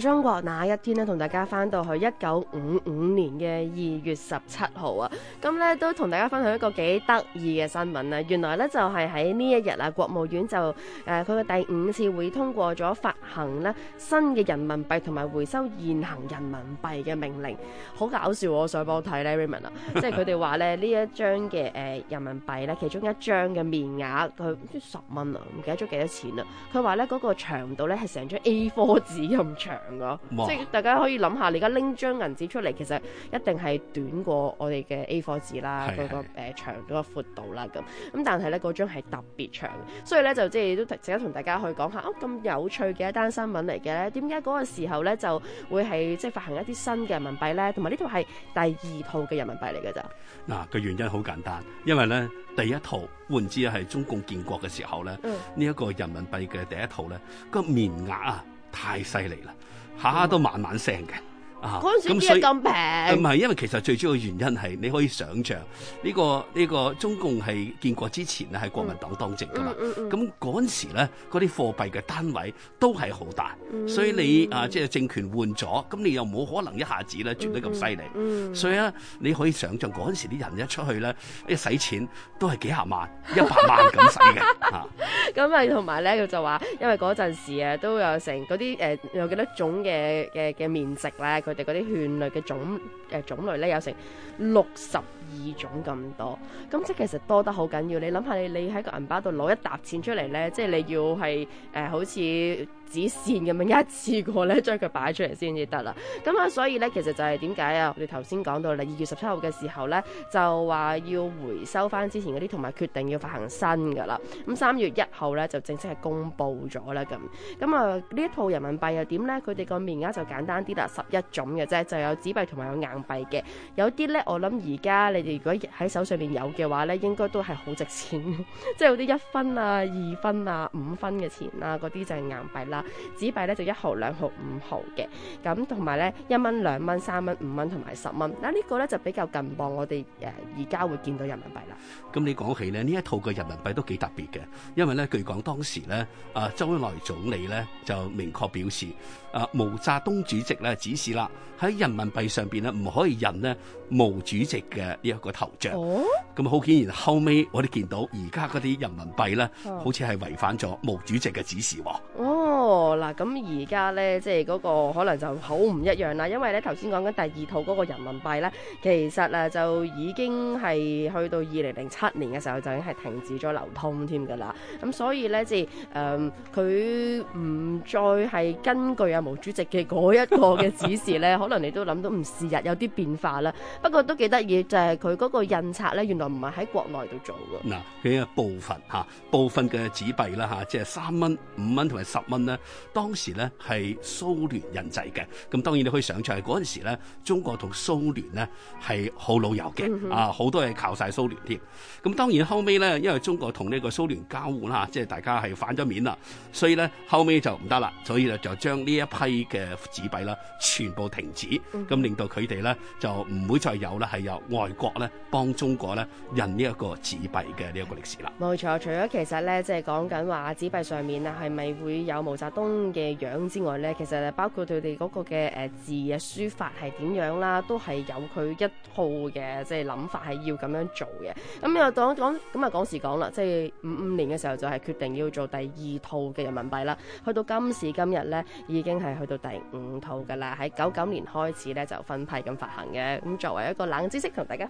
中國那一天呢，同大家翻到去一九五五年嘅二月十七號啊！咁咧都同大家分享，到、啊、家分享一個幾得意嘅新聞啊。原來咧就係喺呢一日啊，國務院就誒佢嘅第五次會通過咗發行咧新嘅人民幣同埋回收現行人民幣嘅命令。好搞笑，我上幫睇咧 Raymond 啊，啊 即係佢哋話咧呢一張嘅人民幣咧，其中一張嘅面額佢十蚊啊，唔記得咗幾多錢啦、啊。佢話咧嗰個長度咧係成張 A4 紙咁、啊。長噶、啊，即係大家可以諗下，你而家拎張銀紙出嚟，其實一定係短過我哋嘅 A4 紙啦，佢、那個誒長嗰個闊度啦，咁咁但係咧嗰張係特別長，所以咧就即係都值得同大家去講下，哦咁有趣嘅一單新聞嚟嘅咧，點解嗰個時候咧就會係即係發行一啲新嘅人民幣咧，同埋呢套係第二套嘅人民幣嚟噶咋？嗱、啊、個原因好簡單，因為咧第一套換之係中共建國嘅時候咧，呢、嗯、一、這個人民幣嘅第一套咧、那個面額啊。太犀利啦，下下都慢慢升嘅、嗯、啊！嗰陣時嘢咁平，唔係因為其實最主要嘅原因係你可以想象呢、呢個呢、呢個中共係建國之前咧係國民黨當政噶嘛，咁嗰陣時咧嗰啲貨幣嘅單位都係好大、嗯，所以你啊即係、即係、政權換咗，咁你又冇可能一下子咧轉得咁犀利，所以咧、啊、你可以想象嗰陣時啲人一出去咧一使錢都係幾十萬、 一百萬咁使嘅啊！咁啊，同埋咧，佢就話，因為嗰陣時啊，都有成嗰啲誒，有幾多種嘅嘅嘅面積咧，佢哋嗰啲券類嘅種嘅、呃、種類咧，有成六十二種咁多，咁即係其實多得好緊要。你諗下，你你喺個銀包度攞一沓錢出嚟呢，即係你要係誒、呃、好似紙錢咁樣一次過呢，將佢擺出嚟先至得啦。咁啊，所以呢，其實就係點解啊？我哋頭先講到啦，二月十七號嘅時候呢，就話要回收返之前嗰啲，同埋決定要發行新㗎啦。咁三月一號呢，就正式係公布咗啦。咁咁啊呢一套人民幣又點呢？佢哋個面額就簡單啲啦，十一種嘅啫，就有紙幣同埋有硬幣嘅。有啲呢，我諗而家。你哋如果喺手上面有嘅話咧，應該都係好值錢，即係嗰啲一分啊、二分啊、五分嘅錢啊嗰啲就係硬幣啦，紙幣咧就一毫、兩毫、五毫嘅，咁同埋咧一蚊、兩蚊、三蚊、五蚊同埋十蚊，嗱呢個咧就比較近傍我哋誒而家會見到人民幣啦。咁你講起咧呢這一套嘅人民幣都幾特別嘅，因為咧據講當時咧啊周恩來總理咧就明確表示啊毛澤東主席咧指示啦，喺人民幣上邊咧唔可以印呢毛主席嘅。呢、這、一個頭像，咁好顯然後尾我哋見到而家嗰啲人民幣咧、哦，好似係違反咗毛主席嘅指示喎、哦。哦，嗱，咁而家咧，即係嗰個可能就好唔一樣啦，因為咧頭先講緊第二套嗰個人民幣咧，其實咧就已經係去到二零零七年嘅時候，就已經係停止咗流通添㗎啦。咁所以咧，即係誒，佢、呃、唔再係根據啊毛主席嘅嗰一個嘅指示咧， 可能你都諗到唔時日有啲變化啦。不過都幾得意就係。佢個印刷咧，原來唔係喺國內度做嘅。嗱，佢部分吓、啊、部分嘅紙幣啦吓，即係三蚊、五蚊同埋十蚊咧，當時咧係蘇聯印製嘅。咁當然你可以想象係陣時咧，中國同蘇聯咧係好老友嘅，啊，好多嘢靠晒蘇聯添。咁、啊、當然後尾咧，因為中國同呢個蘇聯交換吓、啊，即係大家係反咗面啦，所以咧後尾就唔得啦，所以咧就將呢一批嘅紙幣啦全部停止，咁、啊、令到佢哋咧就唔會再有啦，係由外國。國咧幫中國咧印呢一個紙幣嘅呢一個歷史啦，冇錯。除咗其實咧，即係講緊話紙幣上面咧係咪會有毛澤東嘅樣之外咧，其實咧包括佢哋嗰個嘅誒字嘅書法係點樣啦，都係有佢一套嘅。即係諗法係要咁樣做嘅。咁又講講咁啊，講時講啦，即係五五年嘅時候就係決定要做第二套嘅人民幣啦。去到今時今日咧，已經係去到第五套噶啦。喺九九年開始咧就分批咁發行嘅。咁作為一個冷知識同大家。